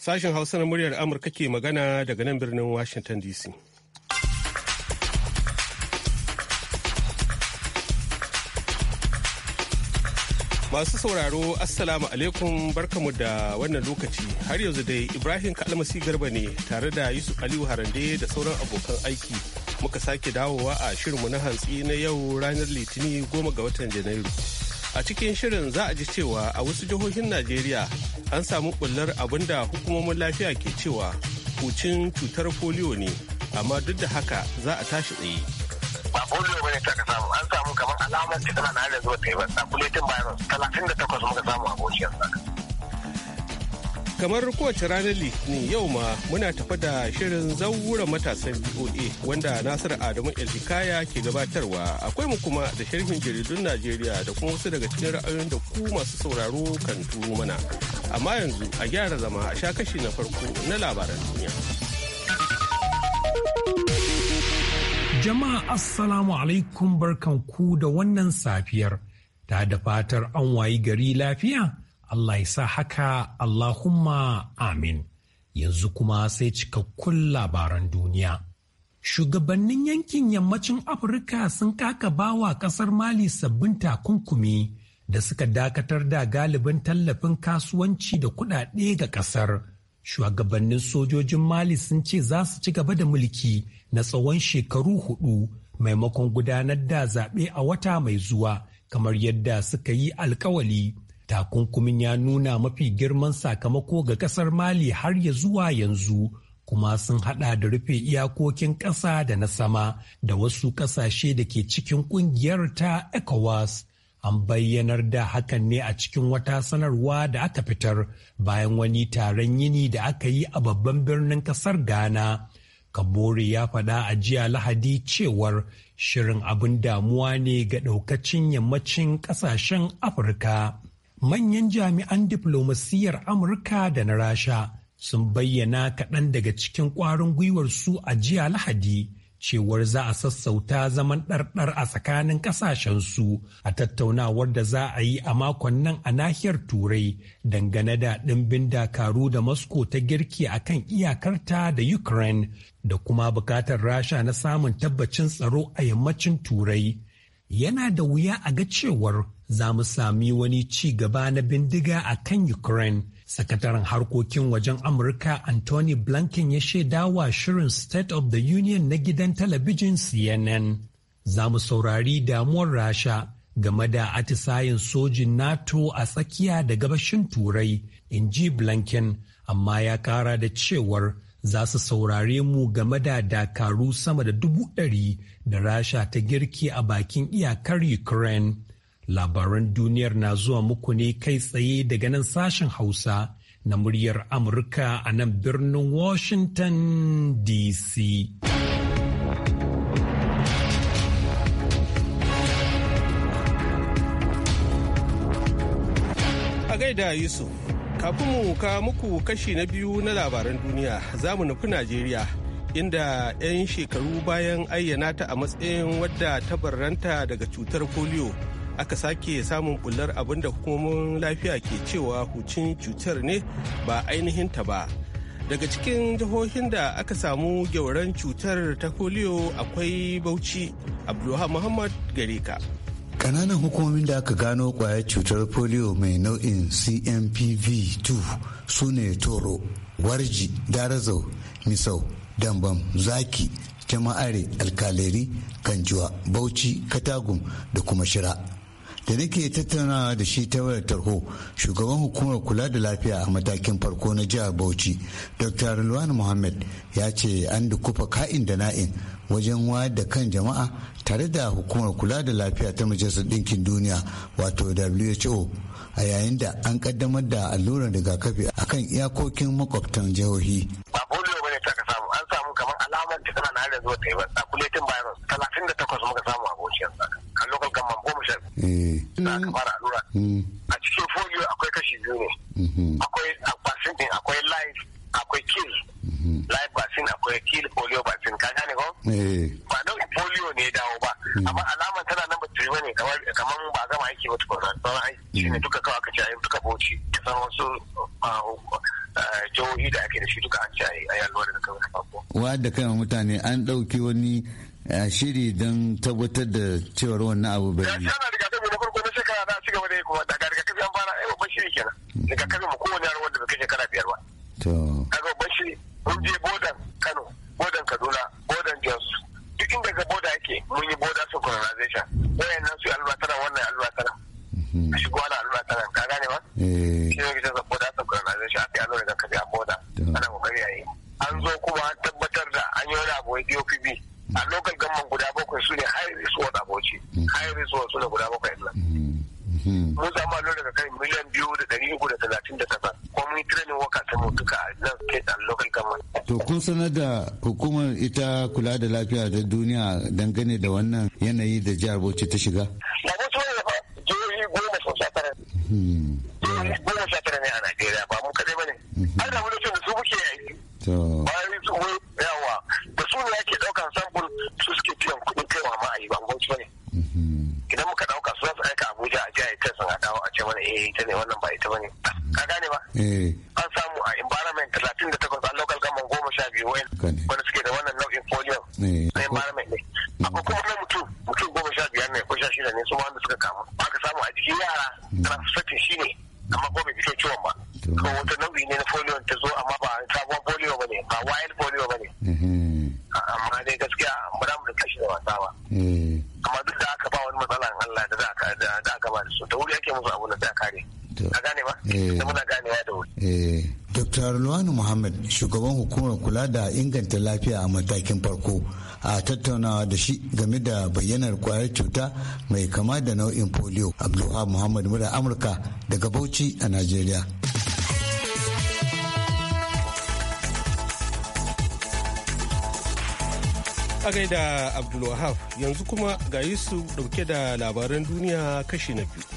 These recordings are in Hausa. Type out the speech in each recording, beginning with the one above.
Sashen Hausa na muryar Amurka ke magana daga nan birnin Washington DC. Masu sauraro Assalamu alaikum barkamu da wannan lokaci har yanzu dai Ibrahim Kalmasi Garba ne tare da Yusuf Aliyu Harande da sauran abokan aiki muka sake dawowa a shirinmu na hantsi na yau ranar Litini goma ga watan Janairu. a cikin shirin za a ji cewa a wasu jihohin najeriya an samu bullar abin da hukumomin lafiya ke cewa kucin cutar foliyo ne amma duk da haka za a tashi tsaye ba polio bane ta ka samu an samu kamar alamar ta tana na da zuwa ta yi ba circulating virus 38 muka samu a gociyar saka kamar kowace ranar litinin yau ma muna tafa da shirin zaura matasan voa wanda nasiru adamu elhikaya ke gabatarwa akwai mu kuma da sharhin jaridun najeriya da kuma wasu daga cikin ra'ayoyin da ku masu sauraro kan turu mana amma yanzu a gyara zama a sha kashi na farko na labaran duniya jama'a assalamu alaikum barkan ku da wannan safiyar ta da fatar an wayi gari lafiya Allah ya sa haka Allahumma amin. Yanzu kuma sai cikakkun labaran duniya. Shugabannin yankin yammacin Afirka sun kaka bawa ƙasar Mali sabbin takunkumi da suka dakatar da galibin tallafin kasuwanci da kuɗaɗe ga ƙasar. Shugabannin sojojin Mali sun ce za su ci gaba da mulki na tsawon shekaru hudu maimakon gudanar da zaɓe a wata mai zuwa kamar yadda suka yi alkawali. takunkumin ya nuna mafi girman sakamako ga kasar mali har ya zuwa yanzu kuma sun hada da rufe iyakokin ƙasa da na sama da wasu ƙasashe da ke cikin ƙungiyar ta ecowas an bayyanar da hakan ne a cikin wata sanarwa da aka fitar bayan wani taron yini da aka yi a babban birnin ƙasar ghana kabore ya faɗa a jiya lahadi cewar shirin abin damuwa ne ga ɗaukacin yammacin ƙasashen afirka manyan jami'an diflomasiyyar Amurka da na Rasha sun bayyana kaɗan daga cikin ƙwarin gwiwar su a jiya Lahadi cewar za a sassauta zaman ɗarɗar a tsakanin ƙasashen su, a tattaunawar da za a yi a makon nan a nahiyar Turai dangane da ɗimbin dakaru da Moscow ta girki a kan iyakarta da Ukraine da kuma bukatar Rasha na samun tabbacin tsaro a yammacin Turai. yana da wuya a ga cewar za mu sami wani ci gaba na bindiga a kan Ukraine. Sakataren harkokin wajen Amurka Anthony Blinken ya shaidawa shirin State of the Union na gidan talabijin CNN. Za mu saurari damuwar Rasha game da atisayen sojin NATO a tsakiya da gabashin Turai, in ji Blinken, amma ya kara da cewar za su saurare mu game da dakaru sama da dubu ɗari da rasha ta girki a bakin iyakar ukraine labaran duniyar na zuwa muku ne kai tsaye daga nan sashen hausa na muryar amurka a nan birnin washington dc a gaida yusuf Kafin mu ka muku kashi na biyu na labaran duniya za mu nufi Najeriya inda 'yan shekaru bayan ayyana ta a matsayin wadda ta barranta daga cutar polio aka sake samun bullar abinda da hukumomin lafiya ke cewa hucin cutar ne ba ainihin ta ba. Daga cikin jihohin da aka samu gyauran cutar ta polio akwai Bauchi, Abdulhamid Muhammad Gareka. kananan hukumomin da aka gano kwayar cutar polio mai nau'in cmpv 2 su ne toro warji darazau misau dambam zaki jama'are alkaleri kanjuwa bauchi katagum da kuma shira da nake tattaunawa da shi ta wayar tarho shugaban hukumar kula da lafiya a matakin farko na jihar bauchi dr rilwan muhammad ya ce an dukufa ka'in da na'in wajen wayar da kan jama'a tare da hukumar kula da lafiya ta majalisar ɗinkin duniya wato who a yayin da an kaddamar da allurar rigakafi akan iyakokin makwabtan jihohi ba polio bane ta samu an samu kamar alamar da tana na da zuwa ta yi ba a kuletin virus 38 muka samu a bauchi yanzu za eh. mm. a cikin folio akwai kashi biyu ne mm-hmm. akwai ah, vaccine din akwai live akwai kill mm-hmm. live vaccine akwai kill vaccine ka gane ko eh. ba ne dawo ba mm. amma alamar tana nan ba yi bane kamar ba gama aiki ba tukuna sauran mm. ne duka kawai aka ce duka boci da sauran wasu ah, ah, jihohi ake da shi duka an ce ayi wa da mutane an ɗauki wani shiri don tabbatar da cewar wannan abu bai yi. Yana rigakafi na farko na shekara na ci gaba da yi kuma daga rigakafi an fara aiwa ban shiri kenan. Rigakafi mu kowane yaro wanda bai kai shekara biyar ba. To. Kaga ban shiri mun je bodan Kano, bodan Kaduna, bodan Jos. Duk inda ga boda yake mun yi boda synchronization. Wayannan su albatara wannan albatara. Mhm. Shigo ana albatara ka gane ba? Eh. a'a hukumar ita kula da lafiya ta duniya dangane da wannan yanayi da jihar Bauchi ta shiga? shugaban hukumar kula da inganta lafiya a matakin farko a tattaunawa da shi game da bayyanar kwayar cuta mai kama da nau'in polio abdulhab muhammad mura amurka daga bauchi a najeriya a gaida abdulwahab yanzu kuma ga su dauke da labaran duniya kashi na biyu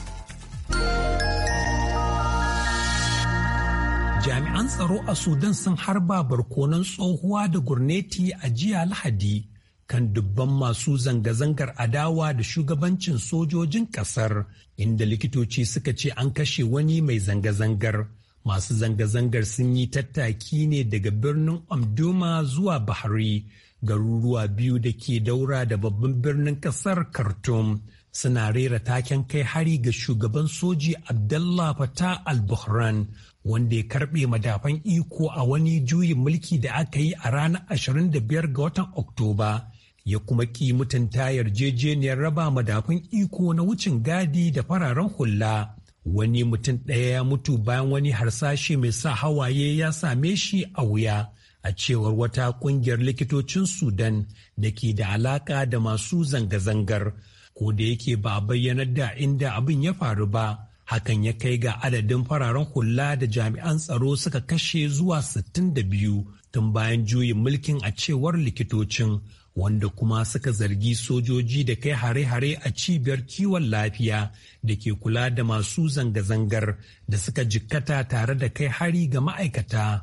jami'an tsaro a sudan sun harba barkonon tsohuwa da gurneti a jiya lahadi kan dubban masu zanga-zangar adawa da shugabancin sojojin kasar inda likitoci suka ce an kashe wani mai zanga-zangar masu zanga-zangar sun yi tattaki ne daga birnin amduma zuwa bahari garuruwa biyu da ke daura da babban birnin kasar khartoum suna rera taken kai hari ga shugaban soji Abdullah Fatah al-Buhran wanda ya karbe madafan iko a wani juyin mulki da aka yi a ranar 25 ga watan Oktoba ya kuma ki mutunta yarjejeniyar raba madafan iko na wucin gadi da fararen hula. Wani mutum ɗaya ya mutu bayan wani harsashe mai sa hawaye ya same shi a wuya. a cewar wata ƙungiyar likitocin Sudan da ke da alaƙa da masu zanga-zangar ko da yake ba a bayyanar da inda abin ya faru ba hakan ya kai ga adadin fararen hula da jami'an tsaro suka kashe zuwa 62 tun bayan juyin mulkin a cewar likitocin wanda kuma suka zargi sojoji da kai hare-hare a cibiyar kiwon lafiya da ke kula da masu zanga-zangar da suka jikkata tare da kai hari ga ma'aikata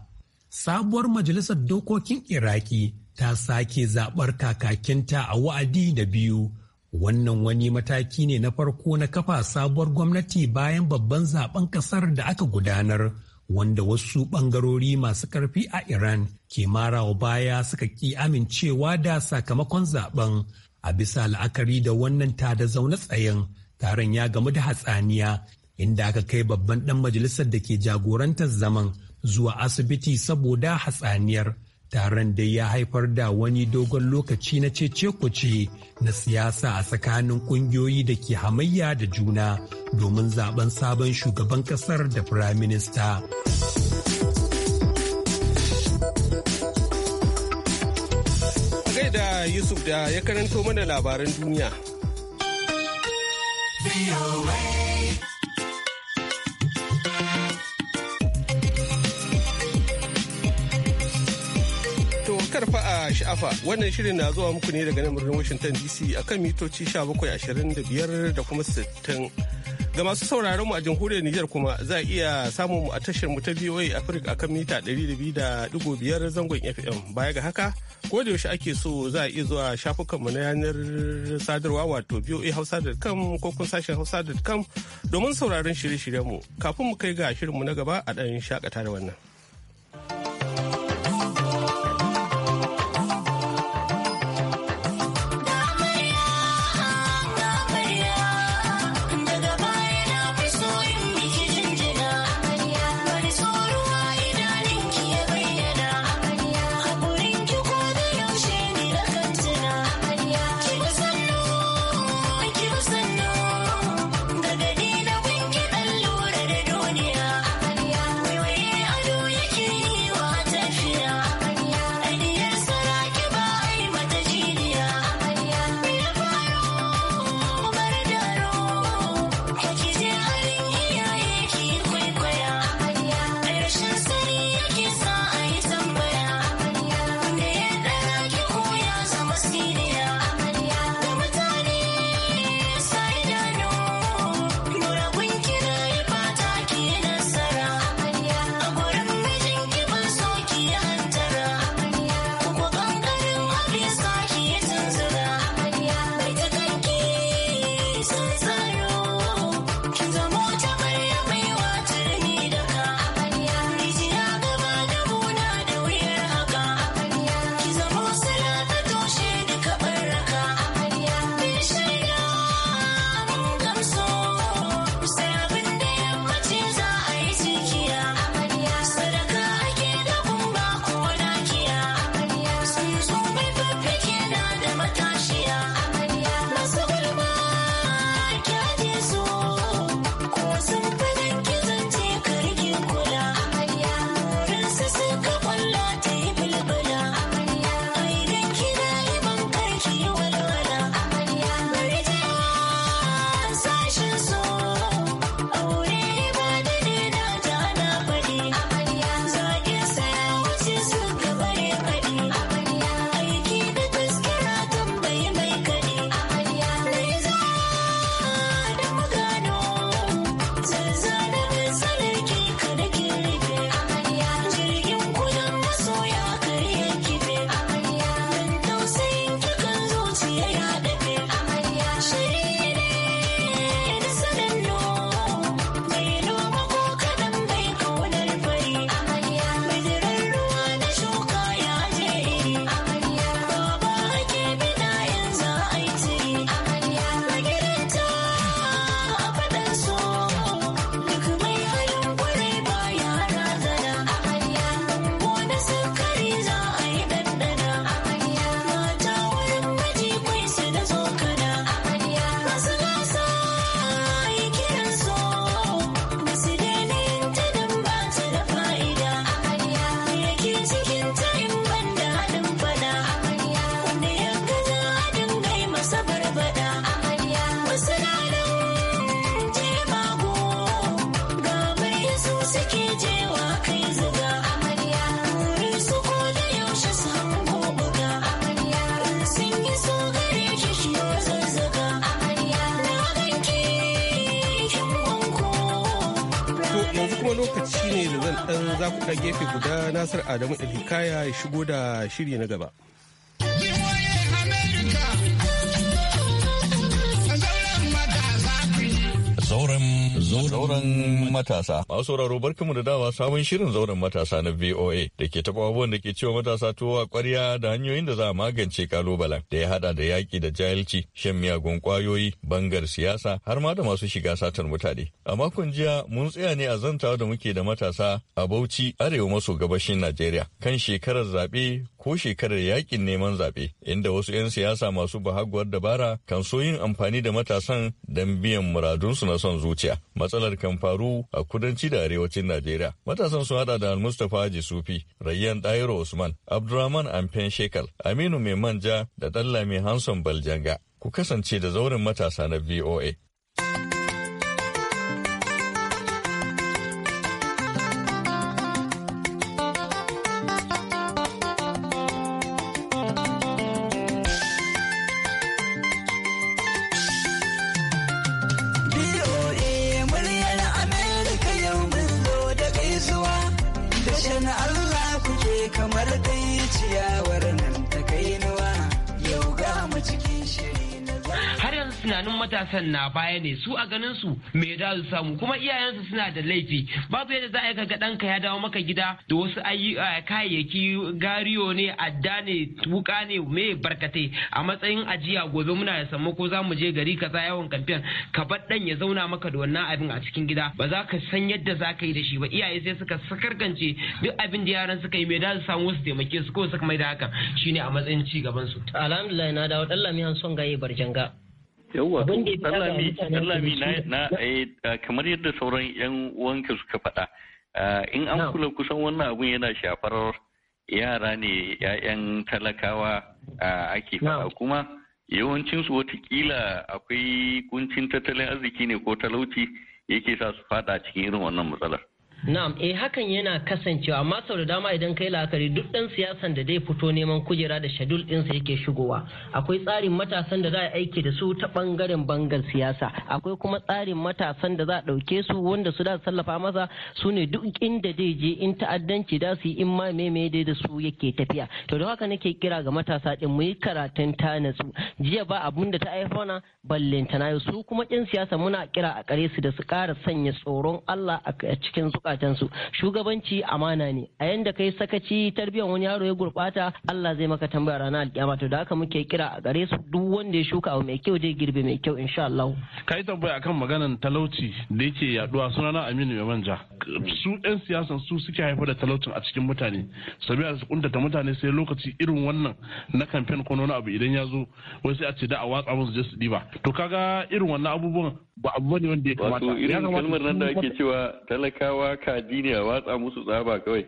sabuwar majalisar dokokin iraki ta sake zaɓar kakakinta a wa'adi da biyu Wannan wani mataki ne na farko na kafa sabuwar gwamnati bayan babban zaben kasar da aka gudanar wanda wasu bangarori masu karfi a Iran ke marawa baya suka ki amincewa da sakamakon zaben a bisa la'akari da wannan tada zaune tsayin, taron ya gamu da hatsaniya inda aka kai babban dan majalisar da ke jagorantar zaman zuwa asibiti saboda hatsaniyar. taron dai ya haifar da wani dogon lokaci na cece ce na siyasa a tsakanin kungiyoyi da ke hamayya da juna domin zaben sabon shugaban kasar da firaminista. da Yusuf da ya karanto mana labaran duniya. a sha'afa wannan shirin na zuwa muku ne daga nan Washington DC akan mitoci 1725 da kuma 60. Ga masu sauraron mu a jamhuriyar Nijar kuma za a iya samun mu a tashar mu ta VOA Africa akan mita 200.5 zangon FM. Baya ga haka, ko da yaushe ake so za a iya zuwa shafukanmu na yanar sadarwa wato voahausa.com ko kun sashen hausa.com domin sauraron shirye-shiryen mu. Kafin mu kai ga shirin na gaba a ɗan shakata da wannan. na gefe guda Nasir Adamu hikaya ya shigo da shiri na gaba. matasa. Masu sauraro barkamu da dawa sabon shirin zauren matasa na VOA da ke taɓa abubuwan da ke cewa matasa tuwa ƙwarya da hanyoyin da za a magance kalubalen da ya haɗa da yaƙi da jahilci, shan miyagun ƙwayoyi, bangar siyasa har ma da masu shiga satar mutane. A makon jiya mun tsaya ne a zantawa da muke da matasa a Bauchi, Arewa maso gabashin Najeriya kan shekarar zaɓe ko shekarar yakin neman zaɓe inda wasu 'yan siyasa masu bahaguwar dabara kan so yin amfani da matasan don biyan muradunsu na son zuciya matsalar kan faru a kudanci da arewacin najeriya matasan sun hada da mustapha haji sufi rayyan dairo usman abdurrahman amfen shekal aminu mai manja da dallami hanson baljanga ku kasance da zauren matasa na voa kamar dai ciyawar nan ta kai kainuwa yau ga mu cikin shiri tunanin matasan na baya ne su a ganin su me da su samu kuma iyayensu suna da laifi babu yadda za a ka ɗanka ya dawo maka gida da wasu kayayyaki gariyo ne adda ne wuka ne me barkatai a matsayin ajiya gobe muna da sammako za mu je gari za yawon kamfen ka bar ɗan ya zauna maka da wannan abin a cikin gida ba za ka san yadda za ka yi da shi ba iyaye sai suka sakarkance duk abin da yaran suka yi me da su samu su taimake su ko suka mai da haka shine a matsayin ci gaban su alhamdulillah na dawo dan han son gaye barjanga yawwa na eh, eh, kamar yadda sauran yan uwanka suka faɗa eh, in an kula kusan wannan abun yana shafar yara ne 'ya'yan talakawa ake faɗa kuma yawancinsu watakila akwai kuncin tattalin arziki ne ko talauci yake sa su fada cikin irin wannan matsalar Na'am, eh hakan yana kasancewa amma sau da dama idan kai la'akari duk ɗan siyasan da zai fito neman kujera da shadul ɗinsa yake shigowa. Akwai tsarin matasan da za a aiki da su ta ɓangaren bangar siyasa. Akwai kuma tsarin matasan da za a ɗauke su wanda su da sallafa masa su ne duk inda zai je in ta'addanci da su yi in ma meme dai da su yake tafiya. To don haka nake kira ga matasa ɗin mu yi karatun ta su. Jiya ba abun da ta haifa na na su kuma ɗin siyasa muna kira a kare su da su ƙara sanya tsoron Allah a cikin zuƙa su shugabanci amana ne a yanda kai sakaci tarbiyyar wani yaro ya gurbata Allah zai maka tambaya ranar alkiyama to da haka muke kira a gare su duk wanda ya shuka mai kyau zai girbe mai kyau insha Allah kai tambaya akan maganan talauci da yake yaduwa sunana Aminu mai manja su yan siyasan su suke haifar da talaucin a cikin mutane sabiya su kuntata mutane sai lokaci irin wannan na kamfen ko na abu idan ya zo wai sai a ce da a watsa musu je su diba to kaga irin wannan abubuwan ba abu bane wanda ya kamata wato irin kalmar nan da ake cewa talakawa kaji ne a watsa musu tsaba kawai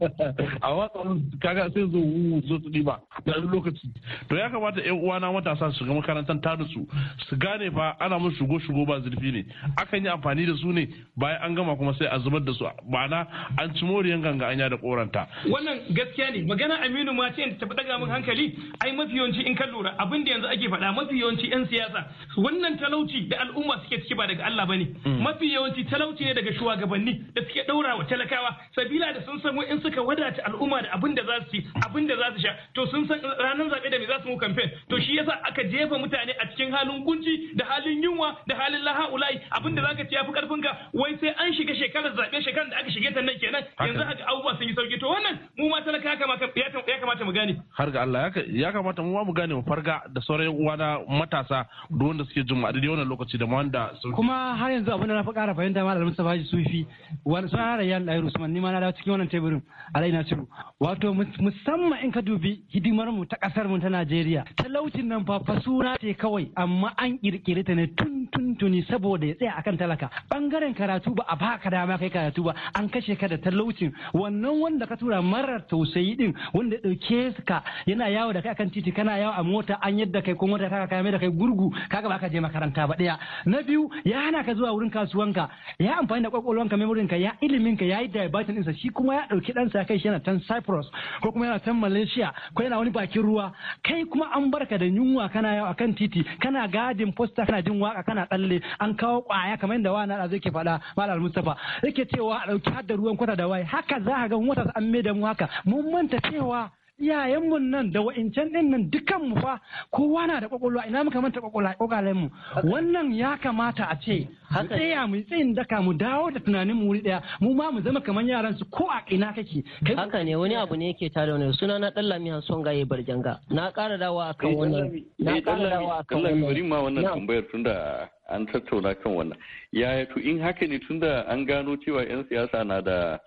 a watsa musu kaga sai zo zo su ba da lokaci to ya kamata ƴan uwana matasa su ga makarantar ta su su gane fa ana musu shigo shigo ba zurfi ne akan yi amfani da su ne bayan an gama kuma sai a zubar da su ma'ana an ci moriyan ganga anya da koranta wannan gaskiya ne magana Aminu ma ce ta daga min hankali ai mafi yawanci in ka lura abin da yanzu ake faɗa mafi yawanci 'yan siyasa wannan talauci da al'umma suke ciki ba daga Allah bane mm. mafi yawanci talauci ne daga shugabanni da suke daura wa talakawa sabila da sun san in suka wadata al'umma da abin da za su ci abin da za su sha to sun san ranar zabe da me za su mu campaign to shi yasa aka jefa mutane a cikin halin kunci da halin yunwa da halin laha'ulai abin da zaka ci yafi karfin ka wai sai an shiga shekarar zabe shekarar da aka shige ta nan kenan yanzu haka abubuwa sun yi sauki to wannan mu ma talaka ya kamata mu gane har ga Allah ya kamata mu ma mu gane mu farga da sauran uwa na matasa duk wanda suke jin da wannan lokaci da ma da sauki kuma har yanzu abin da na fi ƙara fahimta ma da Mustafa Haji Sufi wani suna da yan Dairu ni ma na dawo cikin wannan teburin alai na ciro. wato musamman in ka dubi hidimar mu ta kasar mu ta Najeriya talaucin nan fa suna ce kawai amma an kirkire ta ne tun tun tuni saboda ya tsaya akan talaka bangaren karatu ba a baka dama kai karatu ba an kashe ka da talaucin wannan wanda ka tura marar tausayi din wanda ya ɗauke ka yana yawo da kai akan titi kana yawo a mota an yadda kai ko mota ka da kai gurgu kaga ba ka je makaranta ba daya. na biyu ya hana ka zuwa wurin kasuwanka ya amfani da kwakwalwanka ka ya iliminka ya yi diabetes ɗinsa shi kuma ya ɗauki ɗansa kai shi yana tan cyprus ko kuma yana tan malaysia ko yana wani bakin ruwa kai kuma an barka da yunwa kana yawa akan titi kana gadin posta kana jin waka kana tsalle an kawo kwaya kamar yadda wani da zai ke faɗa malam mustapha yake cewa a ɗauki har da ruwan kwata da waye haka za ka ga mota an mai da mu haka mun manta cewa iyayenmu nan da wa'incan din nan dukan mu fa kowa na da kwakwalwa ina muka manta kwakwalwa kokalen mu wannan ya kamata a ce mu tsaya mu tsayin daka mu dawo da tunanin mu wuri daya mu ma mu zama kamar yaran su ko a ina kake haka ne wani abu ne yake tada wani suna na dan lami hanson gaye barjanga na ƙara dawa akan eh, wannan na eh, ƙara dawa akan wannan bari ma wannan tambayar tunda an tattauna kan wannan yaya to in haka ne tunda an gano cewa yan siyasa na da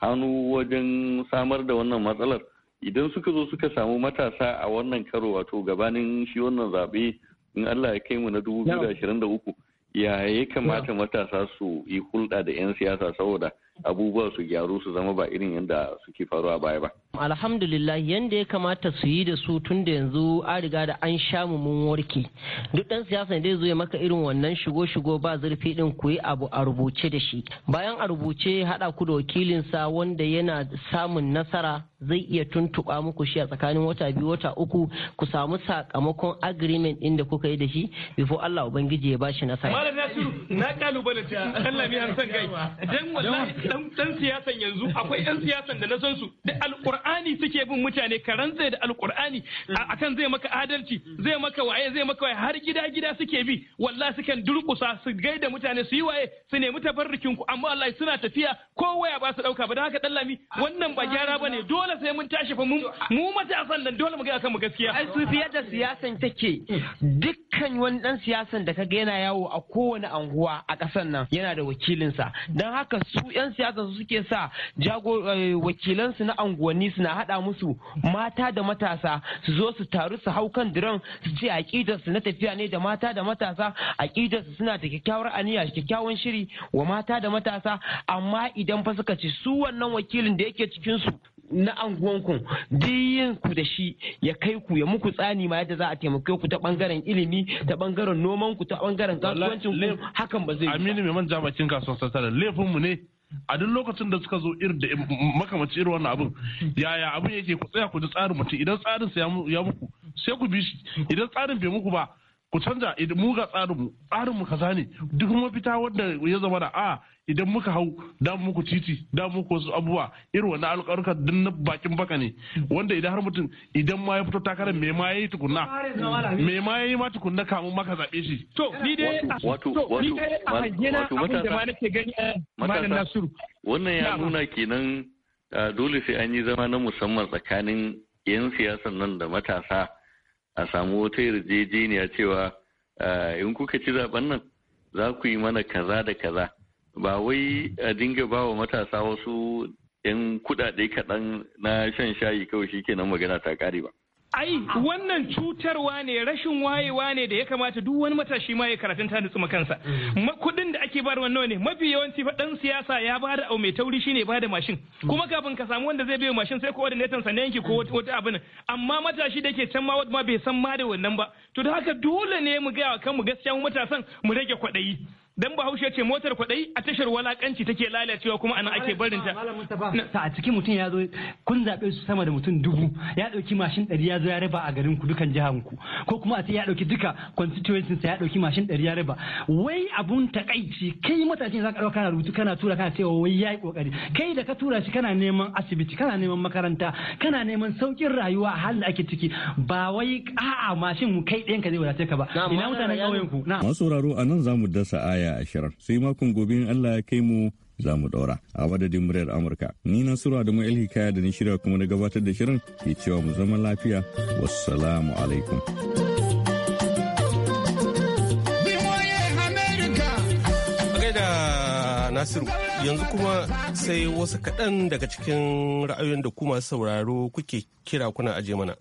hannu wajen samar da wannan matsalar idan suka zo suka samu matasa a wannan karo wato gabanin shi wannan zaɓe in Allah ya kai mu na 2023 ya ya kamata matasa su yi hulɗa da 'yan siyasa saboda abubuwa su gyaru su zama ba irin yadda suke faruwa baya ba. Alhamdulillah yadda ya kamata su yi da su tun da yanzu an riga da an sha mu mun warke. Duk ɗan siyasa da zo ya maka irin wannan shigo-shigo ba zurfi ɗin ku yi abu a rubuce da shi. Bayan a rubuce haɗa ku da wakilin sa wanda yana samun nasara zai iya tuntuɓa muku shi a tsakanin wata biyu wata uku ku samu sakamakon agreement ɗin da kuka yi da shi before Allah Ubangiji ya bashi nasara. Allah mai gai. Dan wallahi dan siyasan yanzu akwai yan siyasan da na san su da alkur'ani suke bin mutane ka rantse da alkur'ani akan zai maka adalci zai maka waye zai maka waye har gida gida suke bi wallahi sukan durkusa su gaida mutane su yi waye su nemi tabarrukin ku amma wallahi suna tafiya ko waya ba su dauka ba dan haka lami wannan ba gyara bane dole sai mun tashi fa mu matasan nan dole mu ga akan mu gaskiya ai su fiye da siyasan take dukkan wani dan siyasan da kaga yana yawo a kowane anguwa a kasar nan yana da wakilinsa dan haka su yan siyasa su suke sa eh, wakilansu na anguwanni suna hada musu mata da matasa su zo su taru su hau kan diran su ce aƙidarsu na tafiya ne da mata da matasa su suna da kyakkyawar aniya kyakkyawan shiri wa mata da matasa amma idan fa suka ci su wannan wakilin da yake cikinsu na anguwanku diyin ku da shi ya kai ku ya muku tsani ma yadda za a taimake ku ta bangaren ilimi ta bangaren noman ku ta bangaren kasuwancin ku hakan ba zai yi aminu mai manja bakin kasuwar tattara laifin ne a duk lokacin da suka zo irin da makamanci irin wannan abin yaya abin yake ku tsaya ku ji tsarin mutum idan tsarin ya muku sai ku bi shi idan tsarin bai muku ba ku canza idan mu ga tsarinmu tsarinmu kaza ne duk mafita wanda ya zama da a idan muka hau da muku titi da muku wasu abubuwa irin wannan alƙaruka din na bakin baka ne wanda idan har mutum idan ma ya fito takarar me ma yayi tukunna me ma yayi ma tukunna kamu maka zabe shi to ni dai wato wato wato matasa eh, wannan ya nuna kenan ah, dole sai an yi zama na musamman tsakanin 'yan siyasan nan da matasa a samu wata yarjejeniya cewa in kuka ci zaben nan za ku yi mana kaza da kaza ba wai a dinga ba wa matasa wasu yan kudade kaɗan na shan shayi kawai shi kenan magana ta ƙare ba ai ah. wannan cutarwa ne rashin wayewa ne da ya kamata duk wani matashi ma ya karatun ta nutsu kansa mm. kuɗin da ake bayarwa nawa ne mafi yawanci fa dan siyasa ya ba da mai tauri shine ba da mashin mm. kuma kafin ka samu wanda zai bai mashin sai coordinator sa ne yanki ko wata abin amma matashi da ke can ma bai san ma da wannan ba to da haka dole ne mu ga kan mu gaskiya mu matasan mu rage kwaɗayi dan bahaushe ce motar kwadai a tashar walakanci take lalacewa kuma anan ake barin ta ta a cikin mutum ya zo kun zabe su sama da mutum dubu ya dauki mashin ɗari ya zo ya raba a garin ku dukan jihar ku ko kuma a ce ya dauki duka constituency sa ya dauki mashin ɗari ya raba wai abun takaici kai matashi ka dauka kana rubutu kana tura kana cewa wai yayi kokari kai da ka tura shi kana neman asibiti kana neman makaranta kana neman saukin rayuwa a halin da ake ciki ba wai a'a mashin kai ɗayan ka zai wadace ka ba ina mutanen ƙauyen ku na masauraro anan zamu dasa aya aya ashirin sai makon gobe in Allah ya kai mu za mu daura a madadin muryar amurka ni na sura da mu hikaya da ni shirya kuma na gabatar da shirin ke cewa mu zama lafiya wassalamu alaikum Nasiru yanzu kuma sai wasu kaɗan daga cikin ra'ayoyin da kuma sauraro kuke kira kuna aje mana.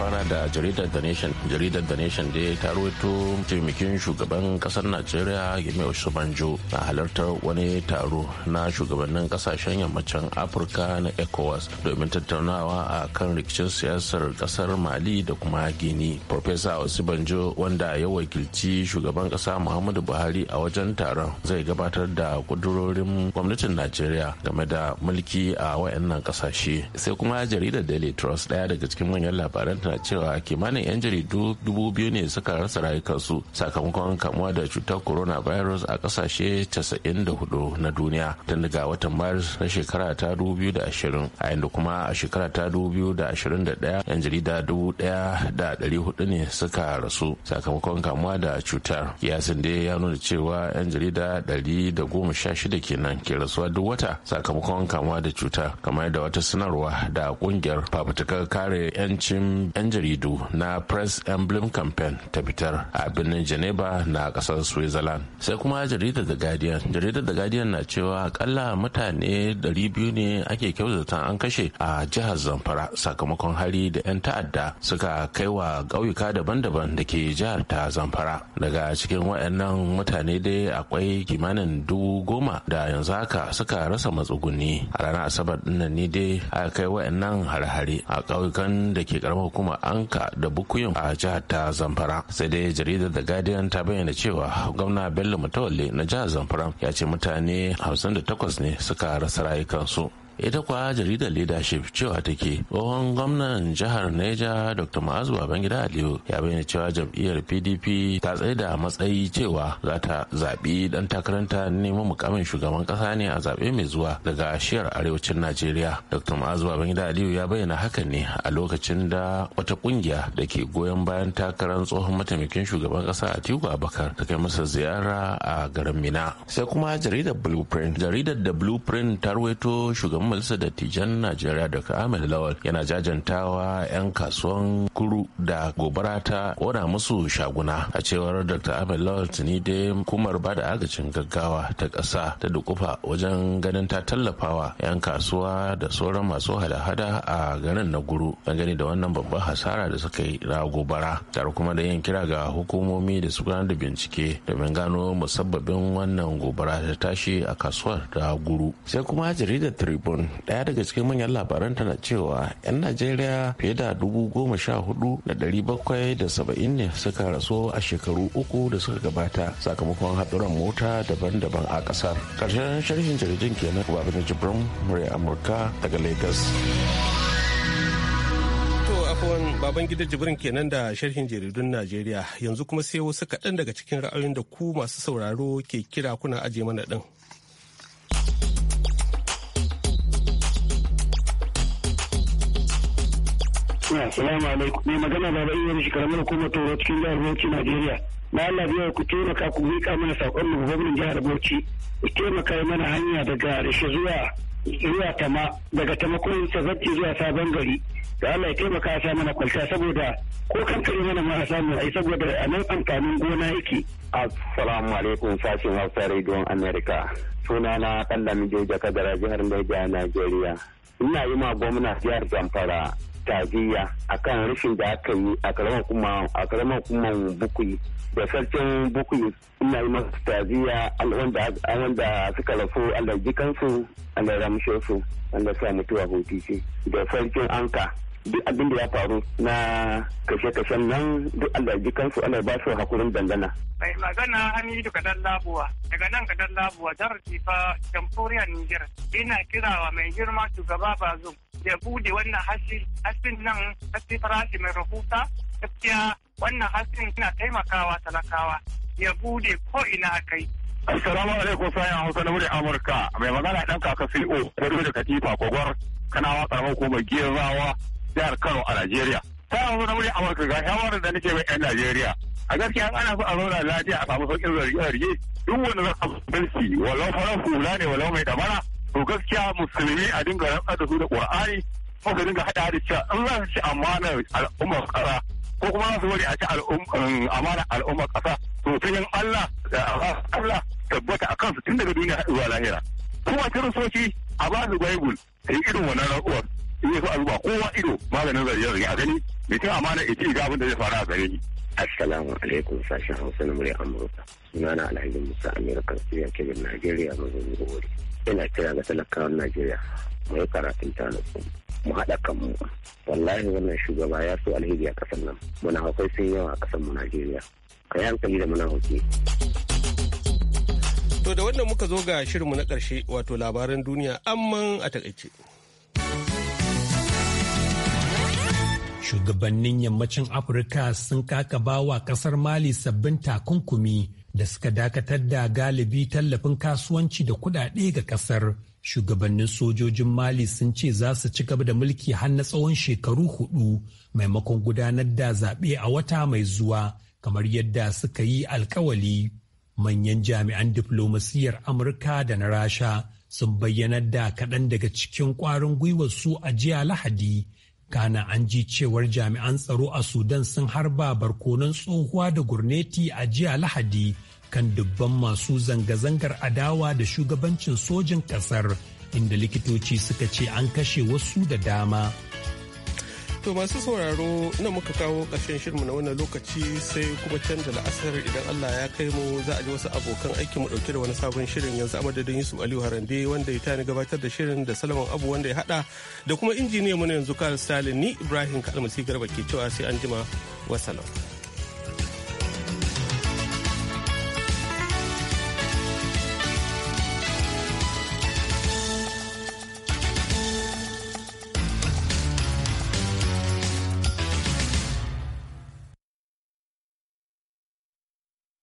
fara da jaridar The Nation. Jaridar The Nation dai ta rawaito taimakin shugaban kasar Najeriya game Osinbajo na halartar wani taro na shugabannin kasashen yammacin Afirka na ECOWAS domin tattaunawa a kan rikicin siyasar kasar Mali da kuma Gini. Profesa Osinbajo wanda ya wakilci shugaban kasa Muhammadu Buhari a wajen taron zai gabatar da kudurorin gwamnatin Najeriya game da mulki a wayannan kasashe. Sai kuma jaridar Daily Trust daya daga cikin manyan labaran na cewa kimanin 'yan jaridu dubu biyu ne suka rasa rayukansu sakamakon kamuwa da cutar coronavirus a kasashe 94 na duniya tun daga watan maris na shekara ta 2020 a yanda kuma a shekara ta 2021 'yan jarida hudu ne suka rasu sakamakon kamuwa da cutar kiyasin dai ya nuna cewa 'yan jarida shida kenan ke rasuwa duk wata sakamakon kamuwa da cutar kamar da wata sanarwa da kungiyar fafutukar kare 'yancin 'yan jaridu na press emblem campaign ta fitar a birnin geneva na kasar switzerland sai kuma jaridar the guardian jaridar the guardian na cewa akalla mutane 200 ne ake kyautata an kashe a jihar zamfara sakamakon hari da 'yan ta'adda suka kai wa ƙauyuka daban-daban da ke jihar ta zamfara daga cikin waɗannan mutane dai akwai kimanin dubu goma da yanzu haka suka rasa matsuguni a ranar asabar dinnan ne dai aka kai waɗannan hare-hare a ƙauyukan da ke ƙaramar hukumar anka da bukuyin a jihar ta zamfara sai dai jaridar da gadiyan ta bayyana cewa gwamna bello mutawalle na jihar zamfara ya ce mutane 58 ne suka rasa rayukansu ita kwa jaridar leadership cewa take tsohon gwamnan jihar neja dr ma'azu babangida aliyu ya bayyana cewa jam'iyyar pdp ta tsaye da matsayi cewa za ta zaɓi dan takaranta neman mukamin shugaban ƙasa ne a zaɓe mai zuwa daga shiyar arewacin najeriya dr ma'azu babangida aliyu ya bayyana hakan ne a lokacin da wata ƙungiya da ke goyon bayan takarar tsohon mataimakin shugaban ƙasa a atiku abakar ta kai masa ziyara a garin mina sai kuma jaridar blueprint jaridar da blueprint ta ruwaito shugaban majalisar dattijan najeriya dr ahmed lawal yana jajantawa 'yan kasuwan kuru da gobara ta kona musu shaguna a cewar dr ahmed lawal tuni dai kumar ba da agajin gaggawa ta ƙasa ta dukufa wajen ganin ta tallafawa 'yan kasuwa da sauran masu hada-hada a garin na guru dangane da wannan babban hasara da suka yi na gobara tare kuma da yin kira ga hukumomi da su gudanar da bincike domin gano musabbabin wannan gobara ta tashi a kasuwar da guru sai kuma jaridar tribune tribune daya daga cikin manyan labaran tana cewa 'yan najeriya fiye da dubu goma sha hudu da dari bakwai da saba'in ne suka rasu a shekaru uku da suka gabata sakamakon haɗuran mota daban-daban a ƙasar ƙarshen sharhin jaridun kenan bin jibrin murya amurka daga lagos afuwan baban gidan jibrin kenan da sharhin jaridun najeriya yanzu kuma sai wasu kaɗan daga cikin ra'ayoyin da ku masu sauraro ke kira kuna ajiye mana ɗin. Assalamu alaikum. Mai magana baba iya da mana kuma toro cikin jihar Bauchi Najeriya. Na Allah biya ku taimaka ku miƙa mana saƙon mu gwamnan jihar Bauchi. Ku taimaka mana hanya daga Rishe zuwa zuwa Tama daga Tama ko Tsazabci zuwa Sabon Gari. Da Allah ya taimaka sa mana kwalta saboda ko kankare mana ma a samu ai saboda anan amfanin gona yake. Assalamu alaikum sashen Hausa Radio America. Sunana Kallamijo Jakadara jihar Niger Najeriya. Ina yi ma gwamna jihar Zamfara a akan rashin da aka yi a karamar hukumar bukui da sarkin bukui ina yi masu taziya wanda suka rafu allah jikansu allah ramshe su allah sa mutuwa hutu da sarkin anka duk abin da ya faru na kashe-kashen nan duk Allah ji kansu Allah ba su hakurin dangana. Mai magana Hamidu Kadan Labuwa daga nan Kadan Labuwa jihar Tifa Jamhuriyar Nijar ina kirawa mai girma shugaba zo ya bude wannan hashi hasin nan hasi farashi mai rahuta gaskiya wannan hasin yana taimakawa talakawa ya bude ko ina akai. Assalamu alaikum sayan Hausa na wurin Amurka mai magana ɗan kaka CEO ko da katifa kogwar kana wa karamar giyan rawa. jihar Kano a Najeriya. Ta yanzu na murya Amurka ga hawa da nake mai 'yan Najeriya. A gaskiya ana so a zauna lafiya a samu sauƙin zarge-zarge duk wanda za a mulki walau farar hula ne walau mai damara. To gaskiya musulmi a dinga rantsar da su da Ƙur'ani muka dinga haɗa da cewa in za su ci amanar al'ummar ƙasa ko kuma za su bari a ci um, amanar al'ummar ƙasa to ta yin Allah da Allah tabbata a kansu tun daga duniya har zuwa lahira. Kuma kiristoci a ba su Bible yi irin wannan rantsuwar in ya zuba kowa ido maganin zarge-zarge a gani mutum amana ya ce ga da zai faru a gare ni Assalamu alaikum sashen Hausa na murya Amurka. Suna na Alhaji Musa Amerika Siriya Kebin Najeriya mazan Gori. Ina kira ga talakawan Najeriya mu yi karatun tanatsu mu haɗa kanmu. Wallahi wannan shugaba ya so alheri a ƙasar nan. Muna hakwai sun yawa a ƙasar mu Najeriya. Ka yi hankali da muna hauke. To da wannan muka zo ga shirinmu na ƙarshe wato labaran duniya amman a takaice shugabannin yammacin afirka sun kaka bawa kasar mali sabbin takunkumi da suka dakatar da galibi tallafin kasuwanci da kudade ga kasar shugabannin sojojin mali sun ce za su ci gaba da mulki har na tsawon shekaru hudu maimakon gudanar da zaɓe a wata mai zuwa kamar yadda suka yi alkawali manyan jami'an diflomasiyyar amurka da na rasha sun bayyana da kaɗan daga cikin ƙwarin gwiwar su a jiya lahadi kana an ji cewar jami'an tsaro a sudan sun harba barkonon tsohuwa da gurneti a jiya lahadi kan dubban masu zanga-zangar adawa da shugabancin sojin kasar inda likitoci suka ce an kashe wasu da dama To masu sauraro na muka kawo ƙarshen shirinmu na wannan lokaci sai kuma can da la'asar idan Allah ya kai mu za a ji wasu abokan aiki mu ɗauke da wani sabon shirin yanzu a madadin Yusuf Aliyu Harande wanda ya tani gabatar da shirin da salaman Abu wanda ya hada da kuma injiniya mu na yanzu Karl Stalin ni Ibrahim Kalmasi Garba ke cewa sai an jima wasalam.